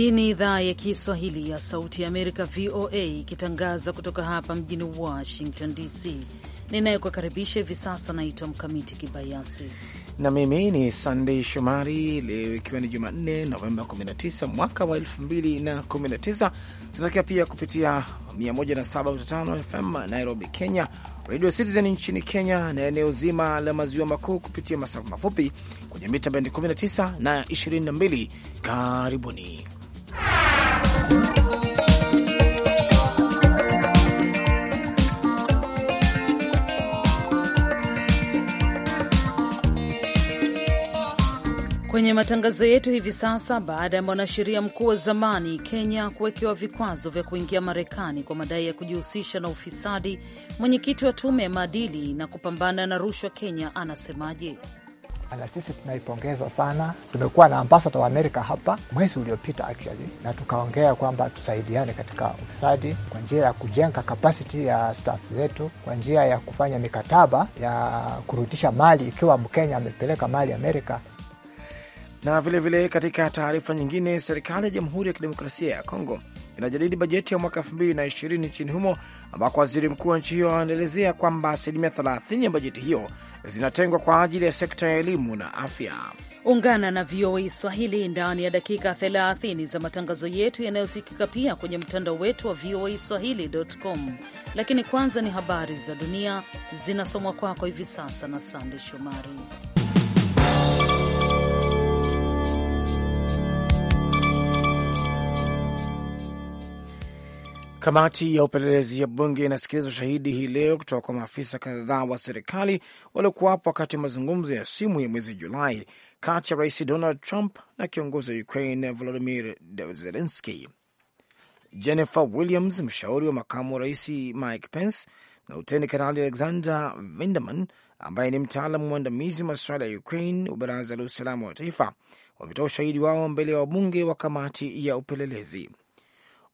Hii ni idhaa ya Kiswahili ya Sauti ya Amerika, VOA, ikitangaza kutoka hapa mjini Washington DC. Ninayekukaribisha hivi sasa naitwa Mkamiti Kibayasi na mimi ni Sandei Shomari. Leo ikiwa ni Jumanne, Novemba 19 mwaka wa 2019, tunatokea pia kupitia 107.5 FM Nairobi, Kenya, Radio Citizen nchini Kenya na eneo zima la maziwa makuu kupitia masafa mafupi kwenye mita bendi 19 na 22. Karibuni Kwenye matangazo yetu hivi sasa, baada ya mwanasheria mkuu wa zamani Kenya kuwekewa vikwazo vya kuingia Marekani kwa madai ya kujihusisha na ufisadi, mwenyekiti wa tume ya maadili na kupambana na rushwa Kenya anasemaje? na sisi tunaipongeza sana. Tumekuwa na ambasada wa Amerika hapa mwezi uliopita actually, na tukaongea kwamba tusaidiane katika ufisadi kwa njia ya kujenga kapasiti ya staff zetu, kwa njia ya kufanya mikataba ya kurudisha mali. Ikiwa Mkenya amepeleka mali Amerika, na vilevile vile katika taarifa nyingine, serikali ya Jamhuri ya Kidemokrasia ya Kongo inajadili bajeti ya mwaka 2020 nchini humo, ambako waziri mkuu wa nchi hiyo anaelezea kwamba asilimia 30 ya bajeti hiyo zinatengwa kwa ajili ya sekta ya elimu na afya. Ungana na VOA Swahili ndani ya dakika 30 za matangazo yetu yanayosikika pia kwenye mtandao wetu wa VOA Swahili.com. Lakini kwanza ni habari za dunia zinasomwa kwako hivi sasa na Sande Shomari. Kamati ya upelelezi ya bunge inasikiliza ushahidi hii leo kutoka kwa maafisa kadhaa wa serikali waliokuwapo wakati wa mazungumzo ya simu ya mwezi Julai kati ya Rais Donald Trump na kiongozi wa Ukraine Volodimir Zelenski. Jennifer Williams, mshauri wa makamu wa rais Mike Pence, na Luteni Kanali Alexander Vinderman ambaye ni mtaalamu mwandamizi wa masuala ya Ukraine wa Baraza la Usalama wa Taifa wametoa ushahidi wao mbele ya wabunge wa kamati ya upelelezi.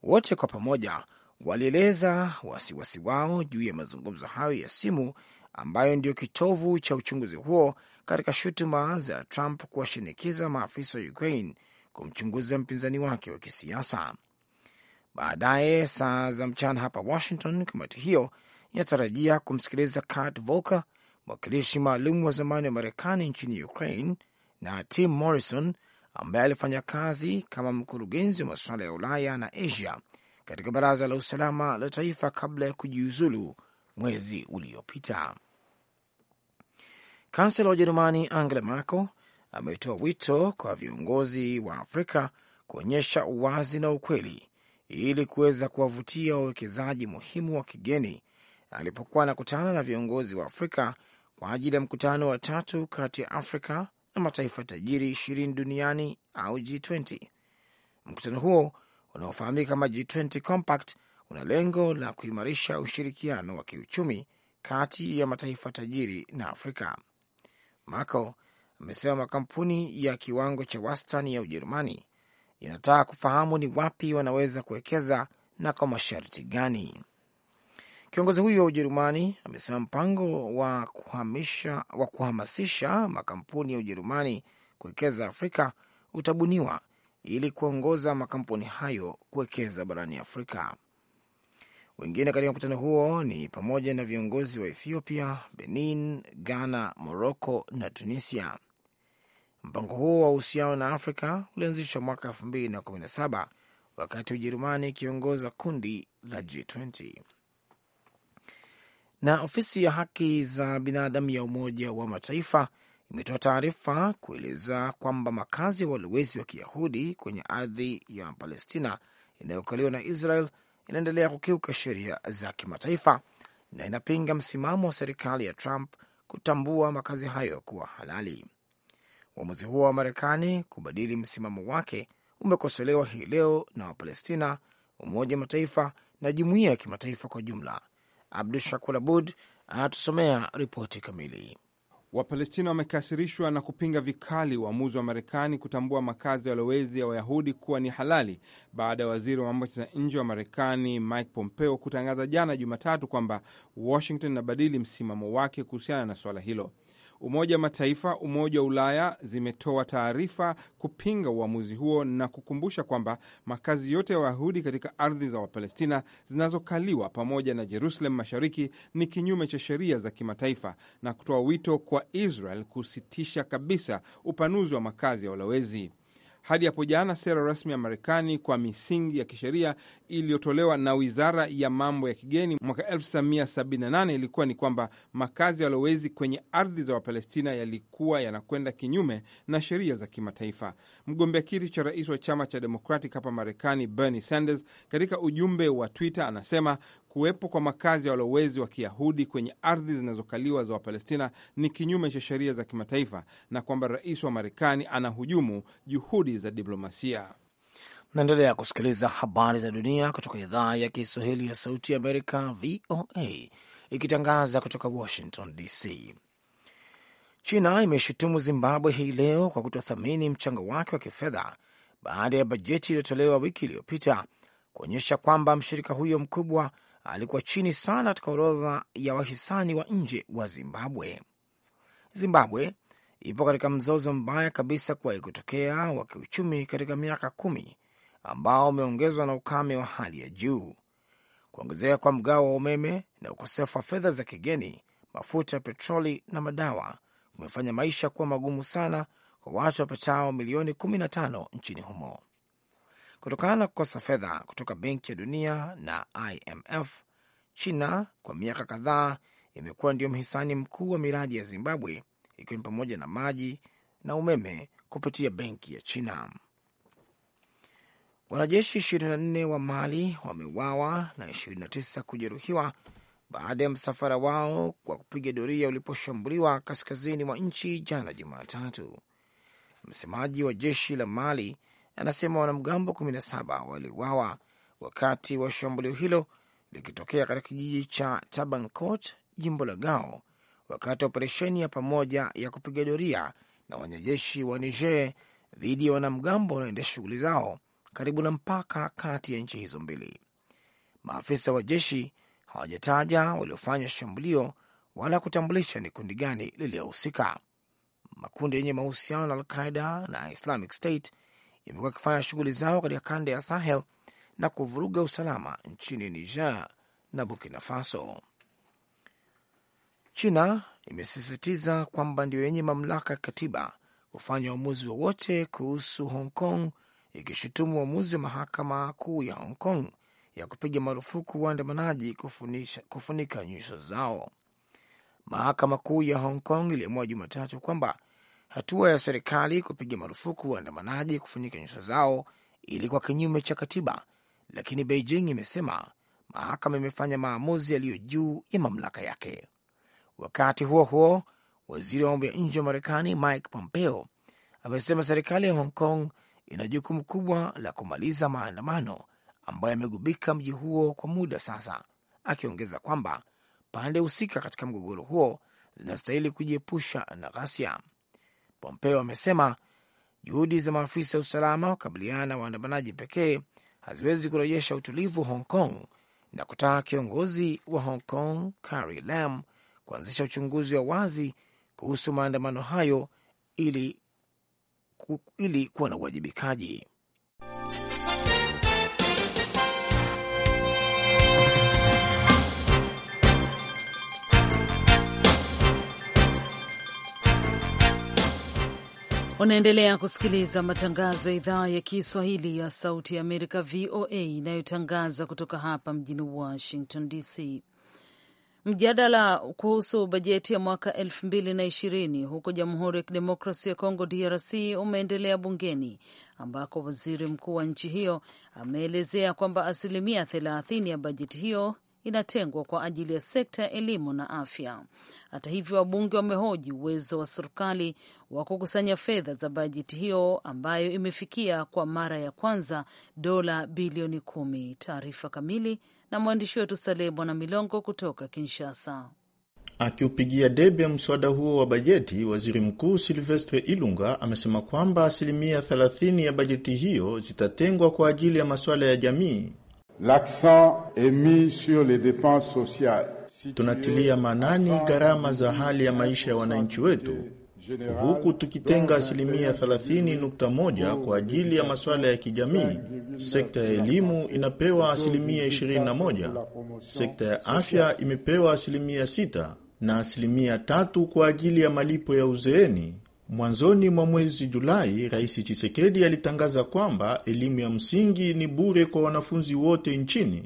Wote kwa pamoja walieleza wasiwasi wao juu ya mazungumzo hayo ya simu ambayo ndiyo kitovu cha uchunguzi huo katika shutuma za Trump kuwashinikiza maafisa wa Ukraine kumchunguza mpinzani wake wa kisiasa. Baadaye saa za mchana hapa Washington, kamati hiyo inatarajia kumsikiliza Kurt Volker, mwakilishi maalum wa zamani wa Marekani nchini Ukraine, na Tim Morrison ambaye alifanya kazi kama mkurugenzi wa masuala ya Ulaya na Asia katika baraza la usalama la taifa kabla ya kujiuzulu mwezi uliopita. Kansela wa Ujerumani Angela Merkel ametoa wito kwa viongozi wa Afrika kuonyesha uwazi na ukweli ili kuweza kuwavutia wawekezaji muhimu wa kigeni alipokuwa anakutana na viongozi wa Afrika kwa ajili ya mkutano wa tatu kati ya Afrika na mataifa tajiri ishirini duniani au G20. Mkutano huo unaofahamika kama G20 Compact una lengo la kuimarisha ushirikiano wa kiuchumi kati ya mataifa tajiri na Afrika. Merkel amesema makampuni ya kiwango cha wastani ya Ujerumani yanataka kufahamu ni wapi wanaweza kuwekeza na kwa masharti gani. Kiongozi huyo wa Ujerumani amesema mpango wa kuhamisha, wa kuhamasisha makampuni ya Ujerumani kuwekeza Afrika utabuniwa ili kuongoza makampuni hayo kuwekeza barani Afrika. Wengine katika mkutano huo ni pamoja na viongozi wa Ethiopia, Benin, Ghana, moroco na Tunisia. Mpango huo wa uhusiano na Afrika ulianzishwa mwaka 2017 wakati Ujerumani ikiongoza kundi la G20. Na ofisi ya haki za binadamu ya Umoja wa Mataifa imetoa taarifa kueleza kwamba makazi ya walowezi wa Kiyahudi kwenye ardhi ya Palestina inayokaliwa na Israel inaendelea kukiuka sheria za kimataifa na inapinga msimamo wa serikali ya Trump kutambua makazi hayo kuwa halali. Uamuzi huo wa Marekani kubadili msimamo wake umekosolewa hii leo na Wapalestina, Umoja wa Mataifa na jumuiya ya kimataifa kwa jumla. Abdu Shakur Abud anatusomea ripoti kamili. Wapalestina wamekasirishwa na kupinga vikali uamuzi wa Marekani kutambua makazi ya walowezi ya Wayahudi kuwa ni halali baada ya waziri wa mambo ya nje wa Marekani Mike Pompeo kutangaza jana Jumatatu kwamba Washington inabadili msimamo wake kuhusiana na suala hilo. Umoja wa Mataifa, Umoja wa Ulaya zimetoa taarifa kupinga uamuzi huo na kukumbusha kwamba makazi yote ya Wayahudi katika ardhi za Wapalestina zinazokaliwa pamoja na Jerusalem Mashariki ni kinyume cha sheria za kimataifa na kutoa wito kwa Israel kusitisha kabisa upanuzi wa makazi ya walowezi. Hadi hapo jana, sera rasmi ya Marekani kwa misingi ya kisheria iliyotolewa na wizara ya mambo ya kigeni mwaka 1978 ilikuwa ni kwamba makazi ya walowezi kwenye ardhi za Wapalestina yalikuwa yanakwenda kinyume na sheria za kimataifa. Mgombea kiti cha rais wa chama cha Democratic hapa Marekani, Bernie Sanders, katika ujumbe wa Twitter anasema kuwepo kwa makazi ya walowezi wa Kiyahudi kwenye ardhi zinazokaliwa za Wapalestina ni kinyume cha sheria za kimataifa na kwamba rais wa Marekani anahujumu juhudi za diplomasia. Naendelea kusikiliza habari za dunia kutoka idhaa ya Kiswahili ya Sauti ya Amerika, VOA, ikitangaza kutoka Washington DC. China imeshutumu Zimbabwe hii leo kwa kutothamini mchango wake wa kifedha baada ya bajeti iliyotolewa wiki iliyopita kuonyesha kwamba mshirika huyo mkubwa alikuwa chini sana katika orodha ya wahisani wa nje wa Zimbabwe. Zimbabwe ipo katika mzozo mbaya kabisa kuwahi kutokea wa kiuchumi katika miaka kumi ambao umeongezwa na ukame wa hali ya juu, kuongezeka kwa mgao wa umeme na ukosefu wa fedha za kigeni, mafuta ya petroli na madawa kumefanya maisha kuwa magumu sana kwa watu wapatao milioni 15 nchini humo kutokana na kukosa fedha kutoka Benki ya Dunia na IMF. China kwa miaka kadhaa imekuwa ndio mhisani mkuu wa miradi ya Zimbabwe, ikiwa ni pamoja na maji na umeme kupitia Benki ya China. Wanajeshi 24 wa Mali wameuawa na 29 kujeruhiwa baada ya msafara wao kwa kupiga doria uliposhambuliwa kaskazini mwa nchi jana Jumatatu. Msemaji wa jeshi la Mali anasema wanamgambo 17 waliuawa wakati wa shambulio hilo likitokea katika kijiji cha Tabankot, jimbo la Gao, wakati wa operesheni ya pamoja ya kupiga doria na wanajeshi wa Niger dhidi ya wanamgambo wanaoendesha shughuli zao karibu na mpaka kati ya nchi hizo mbili. Maafisa wa jeshi hawajataja waliofanya shambulio wala kutambulisha ni kundi gani lililohusika. Makundi yenye mahusiano na Alqaida na Islamic State imekuwa ikifanya shughuli zao katika kanda ya Sahel na kuvuruga usalama nchini Niger na Burkina Faso. China imesisitiza kwamba ndio yenye mamlaka ya katiba kufanya uamuzi wowote kuhusu Hong Kong, ikishutumu uamuzi wa mahakama kuu ya Hong Kong ya kupiga marufuku waandamanaji kufunika nyuso zao. Mahakama kuu ya Hong Kong iliamua Jumatatu kwamba hatua ya serikali kupiga marufuku waandamanaji kufunika nyuso zao ilikuwa kinyume cha katiba, lakini Beijing imesema mahakama imefanya maamuzi yaliyo juu ya mamlaka yake. Wakati huo huo, waziri wa mambo ya nje wa Marekani Mike Pompeo amesema serikali ya Hong Kong ina jukumu kubwa la kumaliza maandamano ambayo yamegubika mji huo kwa muda sasa, akiongeza kwamba pande husika katika mgogoro huo zinastahili kujiepusha na ghasia. Pompeo amesema juhudi za maafisa ya usalama kukabiliana na waandamanaji pekee haziwezi kurejesha utulivu Hong Kong na kutaka kiongozi wa Hong Kong Carrie Lam kuanzisha uchunguzi wa wazi kuhusu maandamano hayo ili, ku, ili kuwa na uwajibikaji. Unaendelea kusikiliza matangazo ya idhaa ya Kiswahili ya Sauti ya Amerika, VOA, inayotangaza kutoka hapa mjini Washington DC. Mjadala kuhusu bajeti ya mwaka elfu mbili na ishirini huko Jamhuri ya Kidemokrasi ya Kongo, DRC, umeendelea bungeni ambako waziri mkuu wa nchi hiyo ameelezea kwamba asilimia thelathini ya bajeti hiyo inatengwa kwa ajili ya sekta ya elimu na afya. Hata hivyo, wabunge wamehoji uwezo wa serikali wa kukusanya fedha za bajeti hiyo ambayo imefikia kwa mara ya kwanza dola bilioni kumi. Taarifa kamili na mwandishi wetu Saleh Bwana Milongo kutoka Kinshasa. Akiupigia debe mswada huo wa bajeti, waziri mkuu Silvestre Ilunga amesema kwamba asilimia 30 ya bajeti hiyo zitatengwa kwa ajili ya masuala ya jamii. L'accent est mis sur les dépenses sociales. Tunatilia maanani gharama za hali ya maisha ya wananchi wetu huku tukitenga asilimia 30.1 kwa ajili ya masuala ya kijamii. Sekta ya elimu inapewa asilimia 21, sekta ya afya imepewa asilimia 6 na asilimia tatu kwa ajili ya malipo ya uzeeni Mwanzoni mwa mwezi Julai, Rais Chisekedi alitangaza kwamba elimu ya msingi ni bure kwa wanafunzi wote nchini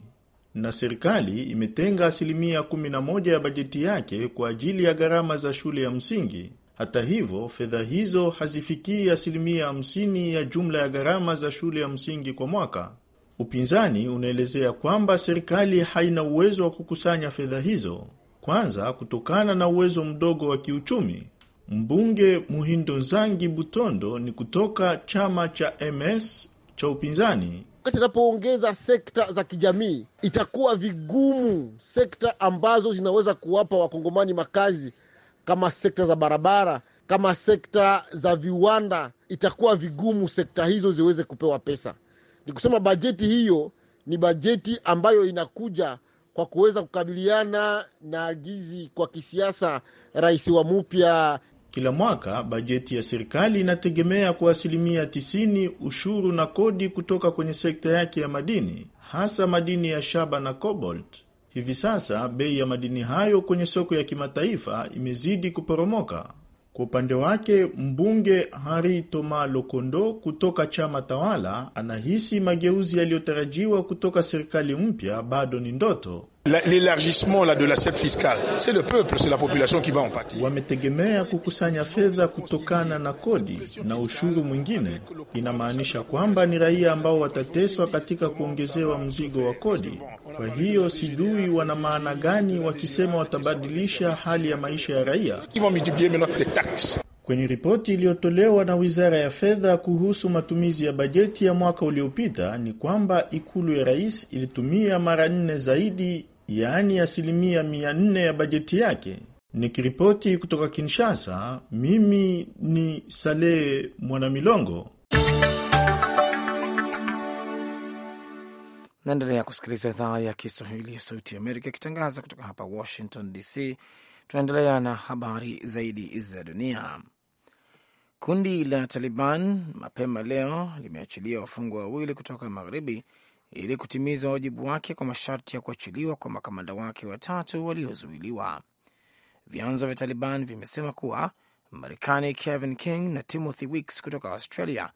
na serikali imetenga asilimia 11 ya bajeti yake kwa ajili ya gharama za shule ya msingi. Hata hivyo, fedha hizo hazifikii asilimia 50 ya jumla ya gharama za shule ya msingi kwa mwaka. Upinzani unaelezea kwamba serikali haina uwezo wa kukusanya fedha hizo, kwanza kutokana na uwezo mdogo wa kiuchumi. Mbunge muhindo zangi Butondo ni kutoka chama cha MS cha upinzani. Wakati anapoongeza sekta za kijamii, itakuwa vigumu sekta ambazo zinaweza kuwapa wakongomani makazi kama sekta za barabara, kama sekta za viwanda, itakuwa vigumu sekta hizo ziweze kupewa pesa. Ni kusema bajeti hiyo ni bajeti ambayo inakuja kwa kuweza kukabiliana na agizi kwa kisiasa rais wa mupya kila mwaka bajeti ya serikali inategemea kwa asilimia 90 ushuru na kodi kutoka kwenye sekta yake ya madini, hasa madini ya shaba na cobalt. Hivi sasa bei ya madini hayo kwenye soko ya kimataifa imezidi kuporomoka. Kwa upande wake mbunge Hari Toma Lokondo kutoka chama tawala anahisi mageuzi yaliyotarajiwa kutoka serikali mpya bado ni ndoto. L'élargissement de l'assiette fiscale, c'est le peuple, c'est la population qui va en pâtir. Wametegemea kukusanya fedha kutokana na kodi na ushuru mwingine. Inamaanisha kwamba ni raia ambao watateswa katika kuongezewa mzigo wa kodi. Kwa hiyo sijui wana maana gani wakisema watabadilisha hali ya maisha ya raia. Kwenye ripoti iliyotolewa na Wizara ya Fedha kuhusu matumizi ya bajeti ya mwaka uliopita ni kwamba ikulu ya rais ilitumia mara nne zaidi yaani asilimia mia nne ya bajeti yake. Nikiripoti kutoka Kinshasa, mimi ni Saleh Mwanamilongo. Naendelea kusikiliza idhaa ya Kiswahili ya Sauti ya Amerika ikitangaza kutoka hapa Washington DC. Tunaendelea na habari zaidi za dunia. Kundi la Taliban mapema leo limeachilia wafungwa wawili kutoka magharibi ili kutimiza wajibu wake kwa masharti ya kuachiliwa kwa makamanda wake watatu waliozuiliwa. Vyanzo vya Taliban vimesema kuwa Marekani Kevin King na Timothy Weeks kutoka Australia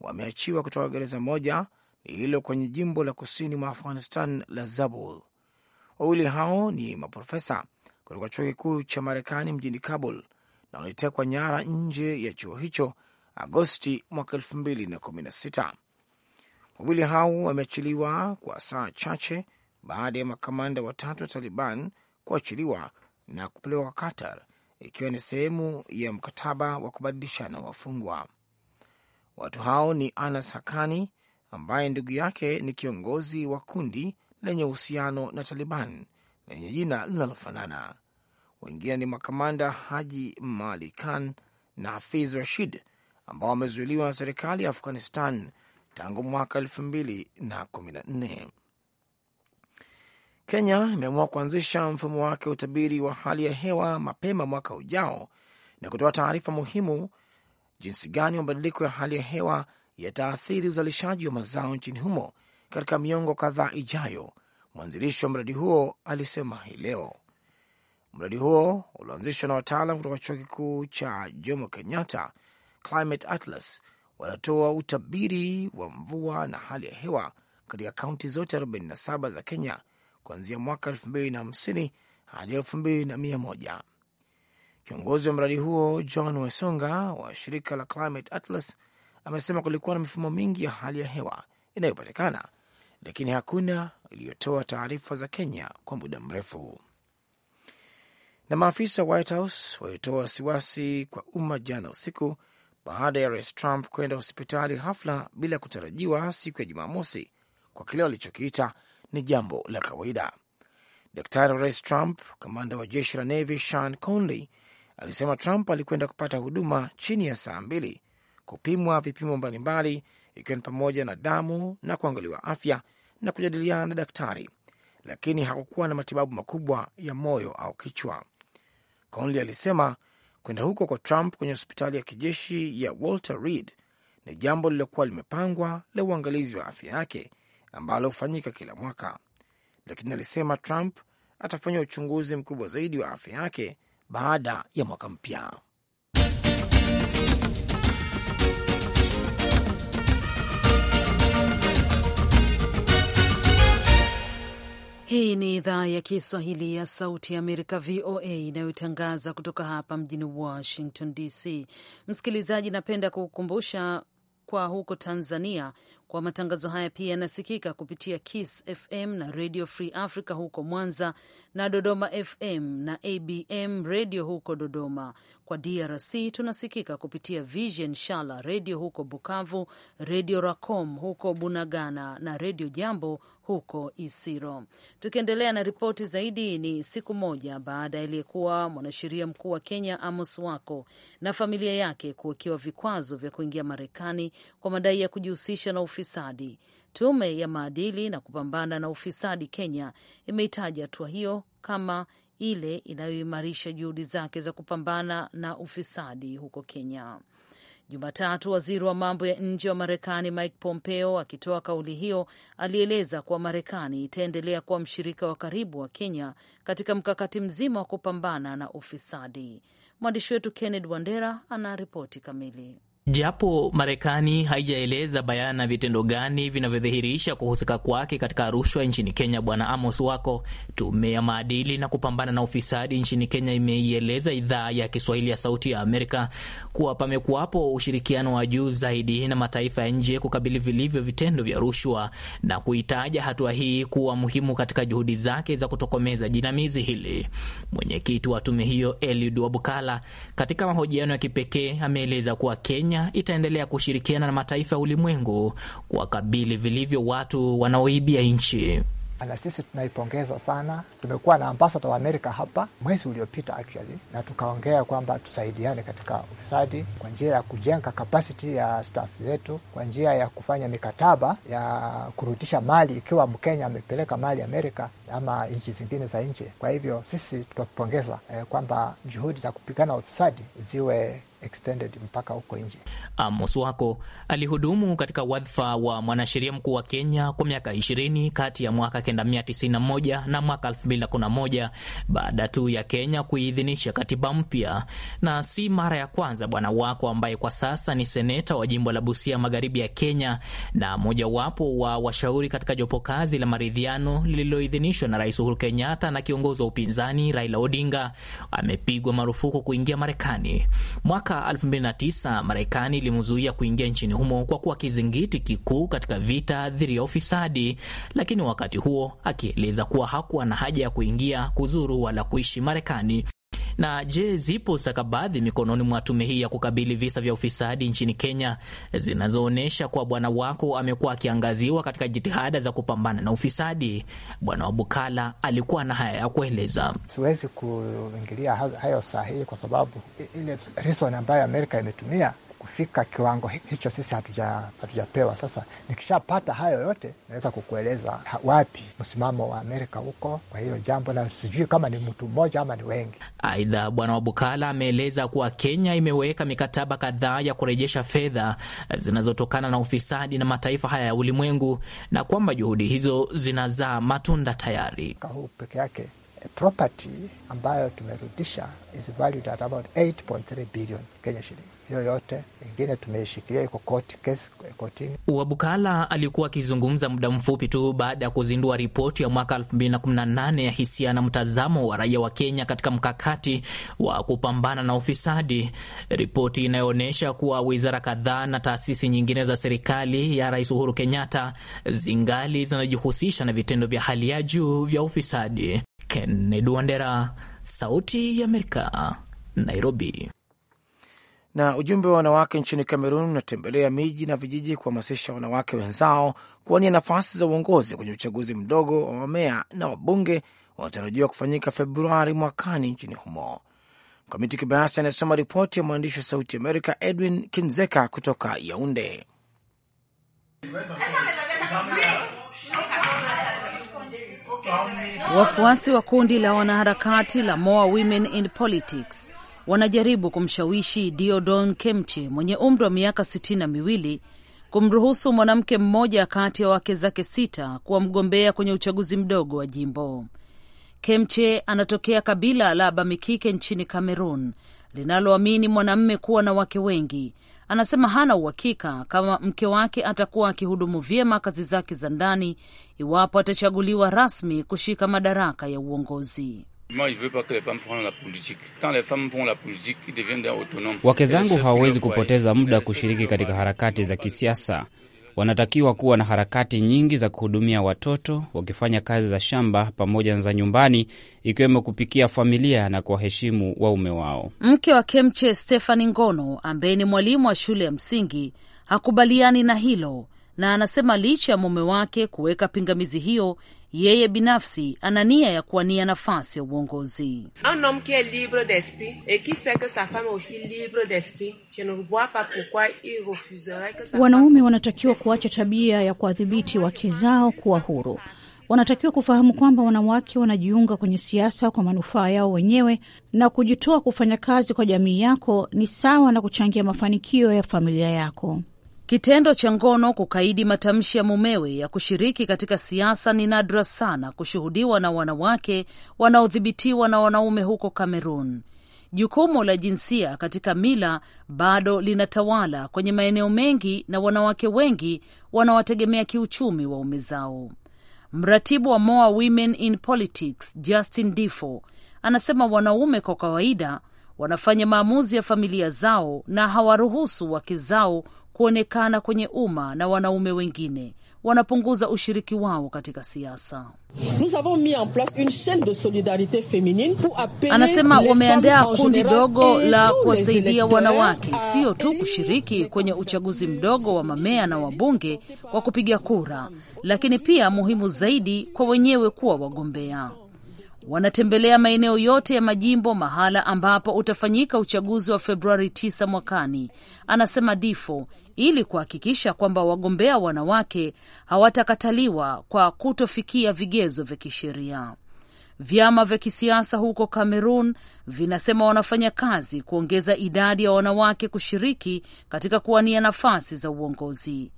wameachiwa kutoka gereza moja lililo kwenye jimbo la kusini mwa Afghanistan la Zabul. Wawili hao ni maprofesa kutoka chuo kikuu cha Marekani mjini Kabul na walitekwa nyara nje ya chuo hicho Agosti mwaka 216 Wawili hao wameachiliwa kwa saa chache baada ya makamanda watatu wa Taliban kuachiliwa na kupelekwa Qatar, ikiwa ni sehemu ya mkataba wa kubadilishana wafungwa. Watu hao ni Anas Hakani ambaye ndugu yake ni kiongozi wa kundi lenye uhusiano na Taliban lenye jina linalofanana. Wengine ni makamanda Haji Mali Khan na Hafiz Rashid ambao wamezuiliwa na serikali ya Afghanistan tangu mwaka 2014. Kenya imeamua kuanzisha mfumo wake wa utabiri wa hali ya hewa mapema mwaka ujao na kutoa taarifa muhimu jinsi gani mabadiliko ya hali ya hewa yataathiri uzalishaji wa mazao nchini humo katika miongo kadhaa ijayo. Mwanzilishi wa mradi huo alisema hii leo. Mradi huo ulioanzishwa na wataalam kutoka chuo kikuu cha Jomo Kenyatta, Climate Atlas wanatoa utabiri wa mvua na hali ya hewa katika kaunti zote 47 za Kenya kuanzia mwaka 2050 hadi 2100. Kiongozi wa mradi huo John Wesonga wa shirika la Climate Atlas amesema kulikuwa na mifumo mingi ya hali ya hewa inayopatikana, lakini hakuna iliyotoa taarifa za Kenya kwa muda mrefu. Na maafisa White House walitoa wasiwasi kwa umma jana usiku baada ya rais Trump kwenda hospitali hafla bila kutarajiwa siku ya Jumamosi kwa kile walichokiita ni jambo la kawaida. Daktari wa rais Trump, kamanda wa jeshi la Navy Sean Conley alisema Trump alikwenda kupata huduma chini ya saa mbili, kupimwa vipimo mbalimbali, ikiwa ni pamoja na damu na kuangaliwa afya na kujadiliana na daktari, lakini hakukuwa na matibabu makubwa ya moyo au kichwa. Conley alisema Kwenda huko kwa Trump kwenye hospitali ya kijeshi ya Walter Reed ni jambo lililokuwa limepangwa la uangalizi wa afya yake ambalo hufanyika kila mwaka, lakini alisema Trump atafanya uchunguzi mkubwa zaidi wa afya yake baada ya mwaka mpya. Hii ni idhaa ya Kiswahili ya Sauti ya Amerika, VOA, inayotangaza kutoka hapa mjini Washington DC. Msikilizaji, napenda kukukumbusha kwa huko Tanzania kwa matangazo haya pia yanasikika kupitia Kiss FM na Radio Free Africa huko Mwanza na Dodoma FM na ABM Radio huko Dodoma. Kwa DRC tunasikika kupitia Vision Shala Radio huko Bukavu, Radio Racom huko Bunagana na Radio Jambo huko Isiro. Tukiendelea na ripoti zaidi, ni siku moja baada ya aliyekuwa mwanasheria mkuu wa Kenya Amos Wako na familia yake kuwekewa vikwazo vya kuingia Marekani kwa madai ya kujihusisha na ufisadi. Tume ya maadili na kupambana na ufisadi Kenya imeitaja hatua hiyo kama ile inayoimarisha juhudi zake za kupambana na ufisadi huko Kenya. Jumatatu, waziri wa mambo ya nje wa Marekani Mike Pompeo akitoa kauli hiyo alieleza kuwa Marekani itaendelea kuwa mshirika wa karibu wa Kenya katika mkakati mzima wa kupambana na ufisadi. Mwandishi wetu Kenneth Wandera ana ripoti kamili. Japo Marekani haijaeleza bayana vitendo gani vinavyodhihirisha kuhusika kwake katika rushwa nchini Kenya. Bwana Amos Wako, tume ya maadili na kupambana na ufisadi nchini Kenya imeieleza idhaa ya Kiswahili ya Sauti ya Amerika kuwa pamekuwapo ushirikiano wa juu zaidi na mataifa ya nje kukabili vilivyo vitendo vya rushwa na kuitaja hatua hii kuwa muhimu katika juhudi zake za kutokomeza jinamizi hili. Mwenyekiti wa tume hiyo Eliud Wabukala, katika mahojiano ya kipekee, ameeleza kuwa Kenya Kenya itaendelea kushirikiana na mataifa ya ulimwengu kuwakabili vilivyo watu wanaoibia nchi. Na sisi tunaipongeza sana. Tumekuwa na ambasada wa Amerika hapa mwezi uliopita actually, na tukaongea kwamba tusaidiane katika ufisadi kwa njia ya kujenga kapasiti ya staff zetu, kwa njia ya kufanya mikataba ya kurudisha mali ikiwa Mkenya amepeleka mali Amerika ama nchi zingine za nje. Kwa hivyo sisi tutapongeza eh, kwamba juhudi za kupigana ufisadi ziwe extended mpaka huko nje. Amos Wako alihudumu katika wadhifa wa mwanasheria mkuu wa Kenya kwa miaka 20 kati ya mwaka 1991 na mwaka 2011 baada tu ya Kenya kuidhinisha katiba mpya. Na si mara ya kwanza bwana Wako, ambaye kwa sasa ni seneta wa jimbo la Busia magharibi ya Kenya na mojawapo wa washauri katika jopo kazi la maridhiano lililoidhinishwa na Rais Uhuru Kenyatta na kiongozi wa upinzani Raila Odinga, amepigwa marufuku kuingia Marekani. Mwaka 2009 Marekani ilimzuia kuingia nchini humo kwa kuwa kizingiti kikuu katika vita dhidi ya ufisadi, lakini wakati huo akieleza kuwa hakuwa na haja ya kuingia, kuzuru wala kuishi Marekani. Na je, zipo stakabadhi mikononi mwa tume hii ya kukabili visa vya ufisadi nchini Kenya zinazoonyesha kuwa bwana wako amekuwa akiangaziwa katika jitihada za kupambana na ufisadi? Bwana Wabukala alikuwa na haya ya kueleza. Siwezi kuingilia hayo sahihi, kwa sababu ile reason ambayo Amerika imetumia kufika kiwango hicho sisi hatujapewa. Sasa nikishapata hayo yote, naweza kukueleza wapi msimamo wa Amerika huko kwa hilo jambo, na sijui kama ni mtu mmoja ama ni wengi. Aidha, Bwana Wabukala ameeleza kuwa Kenya imeweka mikataba kadhaa ya kurejesha fedha zinazotokana na ufisadi na mataifa haya ya ulimwengu na kwamba juhudi hizo zinazaa matunda tayari. Huu peke yake property ambayo tumerudisha is valued at about 8.3 billion Kenya shillings yoyote ingine tumeishikilia iko koti, kesi kotini. Wabukala alikuwa akizungumza muda mfupi tu baada ya kuzindua ripoti ya mwaka 2018 ya hisia na mtazamo wa raia wa Kenya katika mkakati wa kupambana na ufisadi, ripoti inayoonyesha kuwa wizara kadhaa na taasisi nyingine za serikali ya Rais Uhuru Kenyatta zingali zinajihusisha na vitendo vya hali ya juu vya ufisadi. Kennedy Wandera, Sauti ya Amerika, Nairobi. Na ujumbe wa wanawake nchini Kamerun unatembelea miji na vijiji kuhamasisha wanawake wenzao kuwania nafasi za uongozi kwenye uchaguzi mdogo wa mamea na wabunge wanatarajiwa kufanyika Februari mwakani nchini humo. Mkamiti Kibayasi anasoma ripoti ya mwandishi wa Sauti Amerika Edwin Kinzeka kutoka Yaunde. Wafuasi wa kundi la wanaharakati la Moa Women in Politics wanajaribu kumshawishi Diodon Kemche mwenye umri wa miaka sitini na miwili kumruhusu mwanamke mmoja kati ya wake zake sita kuwa mgombea kwenye uchaguzi mdogo wa jimbo. Kemche anatokea kabila la Bamikike nchini Kamerun linaloamini mwanamme kuwa na wake wengi. Anasema hana uhakika kama mke wake atakuwa akihudumu vyema kazi zake za ndani iwapo atachaguliwa rasmi kushika madaraka ya uongozi. Moi, wake zangu hawawezi kupoteza muda kushiriki katika harakati za kisiasa. Wanatakiwa kuwa na harakati nyingi za kuhudumia watoto, wakifanya kazi za shamba pamoja na za nyumbani, ikiwemo kupikia familia na kuwaheshimu waume wao. Mke wa Kemche, Stephanie Ngono, ambaye ni mwalimu wa shule ya msingi, hakubaliani na hilo na anasema licha ya mume wake kuweka pingamizi hiyo, yeye binafsi ana nia ya kuwania nafasi ya uongozi. Wanaume wanatakiwa kuacha tabia ya kuwadhibiti wake zao, kuwa huru. Wanatakiwa kufahamu kwamba wanawake wanajiunga kwenye siasa kwa manufaa yao wenyewe, na kujitoa kufanya kazi kwa jamii yako ni sawa na kuchangia mafanikio ya familia yako. Kitendo cha ngono kukaidi matamshi ya mumewe ya kushiriki katika siasa ni nadra sana kushuhudiwa na wanawake wanaodhibitiwa na wanaume huko Kamerun. Jukumu la jinsia katika mila bado linatawala kwenye maeneo mengi na wanawake wengi wanawategemea kiuchumi waume zao. Mratibu wa Moa Women in Politics Justin Defo anasema wanaume kwa kawaida wanafanya maamuzi ya familia zao na hawaruhusu wake zao kuonekana kwenye umma na wanaume wengine wanapunguza ushiriki wao katika siasa. Anasema wameandaa kundi dogo la kuwasaidia wanawake sio tu kushiriki kwenye uchaguzi mdogo wa mamea na wabunge kwa kupiga kura, lakini pia muhimu zaidi kwa wenyewe kuwa wagombea wanatembelea maeneo yote ya majimbo mahala ambapo utafanyika uchaguzi wa Februari 9 mwakani, anasema Difo, ili kuhakikisha kwamba wagombea wanawake hawatakataliwa kwa kutofikia vigezo vya kisheria. Vyama vya kisiasa huko Kamerun vinasema wanafanya kazi kuongeza idadi ya wanawake kushiriki katika kuwania nafasi za uongozi.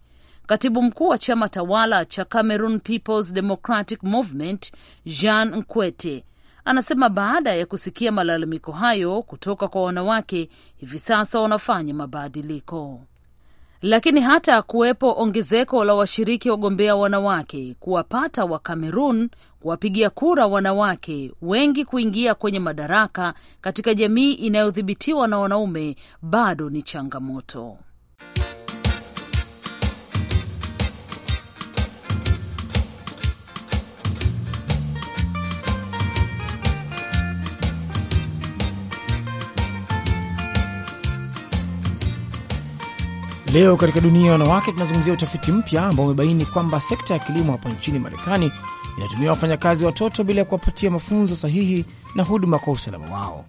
Katibu mkuu wa chama tawala cha Cameroon Peoples Democratic Movement Jean Nkwete anasema baada ya kusikia malalamiko hayo kutoka kwa wanawake, hivi sasa wanafanya mabadiliko. Lakini hata kuwepo ongezeko la washiriki wagombea wanawake, kuwapata wa cameron kuwapigia kura wanawake wengi kuingia kwenye madaraka katika jamii inayodhibitiwa na wanaume bado ni changamoto. Leo katika dunia ya wanawake tunazungumzia utafiti mpya ambao umebaini kwamba sekta ya kilimo hapa nchini Marekani inatumia wafanyakazi watoto bila ya kuwapatia mafunzo sahihi na huduma kwa usalama wao.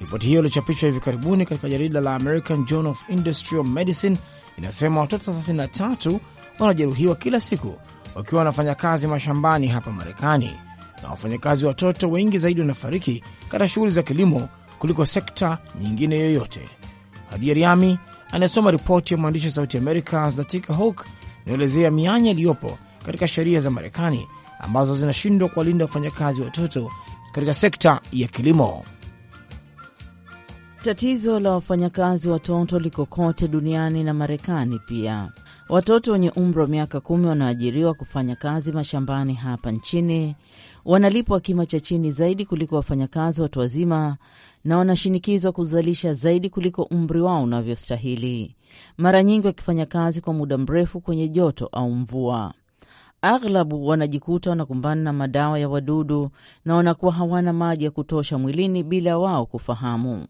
Ripoti hiyo iliochapishwa hivi karibuni katika jarida la American Journal of Industrial Medicine inasema watoto 33 wanajeruhiwa kila siku wakiwa wanafanya kazi mashambani hapa Marekani, na wafanyakazi watoto wengi zaidi wanafariki katika shughuli za kilimo kuliko sekta nyingine yoyote. Hadi Riami anayesoma ripoti ya mwandishi wa Sauti Amerika Zatika hok inaelezea mianya iliyopo katika sheria za Marekani ambazo zinashindwa kuwalinda wafanyakazi watoto katika sekta ya kilimo. Tatizo la wafanyakazi watoto liko kote duniani na Marekani pia. Watoto wenye umri wa miaka kumi wanaajiriwa kufanya kazi mashambani hapa nchini, wanalipwa kima cha chini zaidi kuliko wafanyakazi watu wazima, na wanashinikizwa kuzalisha zaidi kuliko umri wao unavyostahili, mara nyingi wakifanya kazi kwa muda mrefu kwenye joto au mvua. Aghlabu wanajikuta wanakumbana na madawa ya wadudu na wanakuwa hawana maji ya kutosha mwilini bila wao kufahamu.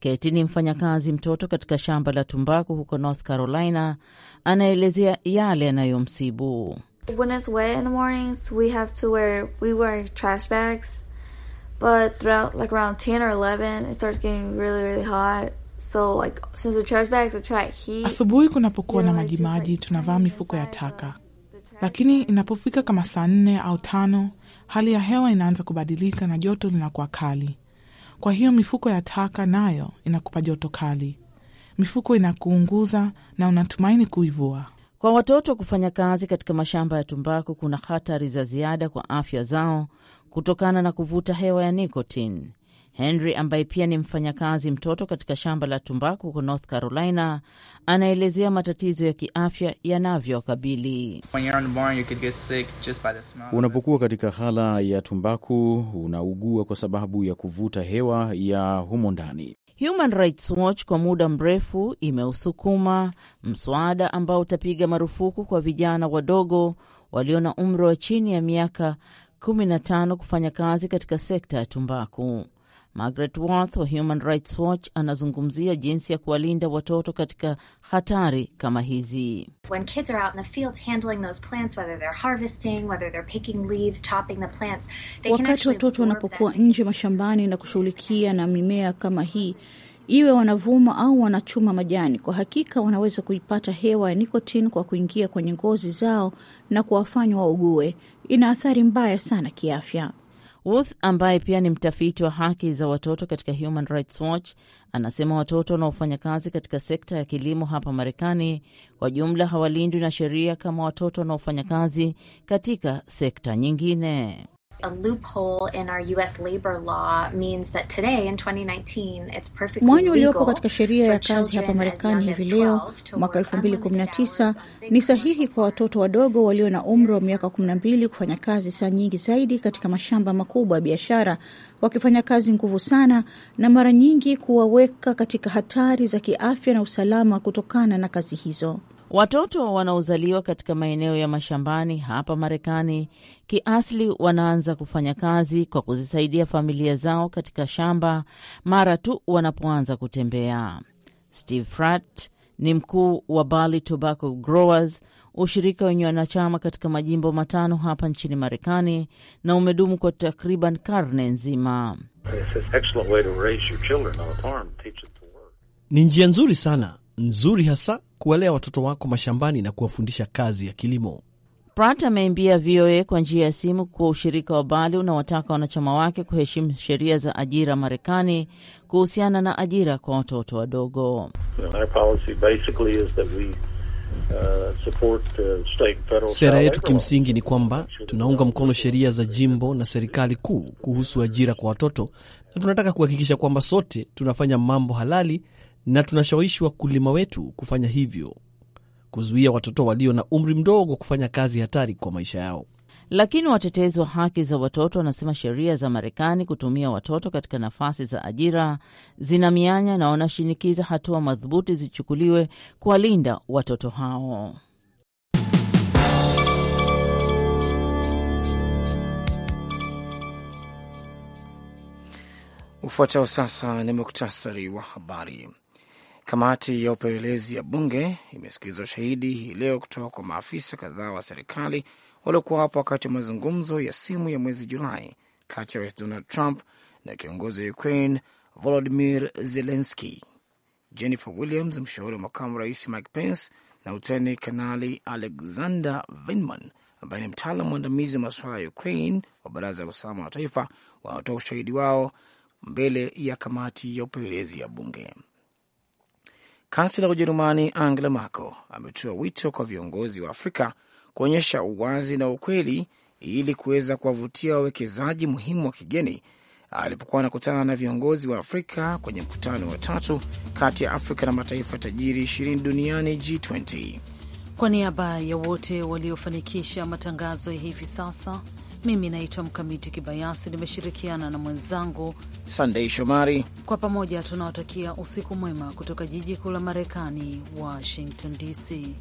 Keti ni mfanyakazi mtoto katika shamba la tumbaku huko North Carolina, anaelezea yale yanayomsibu. When it's wet in the mornings, we have to wear, we wear trash bags. But throughout, like around 10 or 11, it starts getting really, really hot. So like, since the trash bags attract heat, asubuhi kunapokuwa you na maji maji like, tunavaa mifuko ya taka, lakini inapofika kama saa nne au tano, hali ya hewa inaanza kubadilika na joto linakuwa kali. Kwa hiyo mifuko ya taka nayo inakupa joto kali, mifuko inakuunguza na unatumaini kuivua. Kwa watoto kufanya kazi katika mashamba ya tumbaku kuna hatari za ziada kwa afya zao kutokana na kuvuta hewa ya nikotin Henry ambaye pia ni mfanyakazi mtoto katika shamba la tumbaku huko North Carolina anaelezea matatizo ya kiafya yanavyowakabili. Unapokuwa katika ghala ya tumbaku, unaugua kwa sababu ya kuvuta hewa ya humo ndani. Human Rights Watch kwa muda mrefu imeusukuma mswada ambao utapiga marufuku kwa vijana wadogo walio na umri wa chini ya miaka 15 kufanya kazi katika sekta ya tumbaku. Margaret Worth wa Human Rights Watch anazungumzia jinsi ya kuwalinda watoto katika hatari kama hizi. Wakati watoto wanapokuwa nje mashambani na kushughulikia na mimea kama hii, iwe wanavuma au wanachuma majani, kwa hakika wanaweza kuipata hewa ya nikotini kwa kuingia kwenye ngozi zao na kuwafanywa waugue. Ina athari mbaya sana kiafya. Wuth ambaye pia ni mtafiti wa haki za watoto katika Human Rights Watch anasema watoto wanaofanya kazi katika sekta ya kilimo hapa Marekani kwa jumla hawalindwi na sheria kama watoto wanaofanya kazi katika sekta nyingine. A loophole in our US labor law means that today in 2019 it's perfectly legal. Mwanya uliopo katika sheria ya kazi hapa Marekani hivi leo mwaka 2019 ni sahihi kwa watoto wadogo walio na umri wa miaka 12 kufanya kazi saa nyingi zaidi katika mashamba makubwa ya biashara, wakifanya kazi nguvu sana na mara nyingi kuwaweka katika hatari za kiafya na usalama kutokana na kazi hizo. Watoto wanaozaliwa katika maeneo ya mashambani hapa Marekani kiasli wanaanza kufanya kazi kwa kuzisaidia familia zao katika shamba mara tu wanapoanza kutembea. Steve frat ni mkuu wa Bali Tobacco Growers, ushirika wenye wanachama katika majimbo matano hapa nchini Marekani na umedumu kwa takriban karne nzima. Ni njia nzuri sana nzuri hasa kuwalea watoto wako mashambani na kuwafundisha kazi ya kilimo. Pratt ameimbia VOA kwa njia ya simu kuwa ushirika wa Bali unawataka wanachama wake kuheshimu sheria za ajira Marekani kuhusiana na ajira kwa watoto wadogo. Uh, uh, Sera yetu kimsingi ni kwamba tunaunga mkono sheria za jimbo na serikali kuu kuhusu ajira kwa watoto na tunataka kuhakikisha kwamba sote tunafanya mambo halali na tunashawishi wakulima wetu kufanya hivyo, kuzuia watoto walio na umri mdogo kufanya kazi hatari kwa maisha yao. Lakini watetezi wa haki za watoto wanasema sheria za Marekani kutumia watoto katika nafasi za ajira zina mianya, na wanashinikiza hatua madhubuti zichukuliwe kuwalinda watoto hao. Ufuatao sasa ni muktasari wa habari. Kamati ya upelelezi ya bunge imesikiliza ushahidi hii leo kutoka kwa maafisa kadhaa wa serikali waliokuwa hapo wakati wa mazungumzo ya simu ya mwezi Julai kati ya rais Donald Trump na kiongozi wa Ukraine Volodimir Zelenski. Jennifer Williams, mshauri wa makamu rais Mike Pence na uteni kanali Alexander Vinman ambaye ni mtaalam mwandamizi wa masuala ya Ukraine wa baraza la usalama wa taifa, wanatoa ushahidi wao mbele ya kamati ya upelelezi ya bunge. Kansela wa Ujerumani Angela Merkel ametoa wito kwa viongozi wa Afrika kuonyesha uwazi na ukweli ili kuweza kuwavutia wawekezaji muhimu wa kigeni alipokuwa anakutana na viongozi wa Afrika kwenye mkutano wa tatu kati ya Afrika na mataifa tajiri 20 duniani G20. Kwa niaba ya wote waliofanikisha matangazo ya hivi sasa mimi naitwa Mkamiti Kibayasi, nimeshirikiana na mwenzangu Sandei Shomari. Kwa pamoja tunawatakia usiku mwema kutoka jiji kuu la Marekani, Washington DC.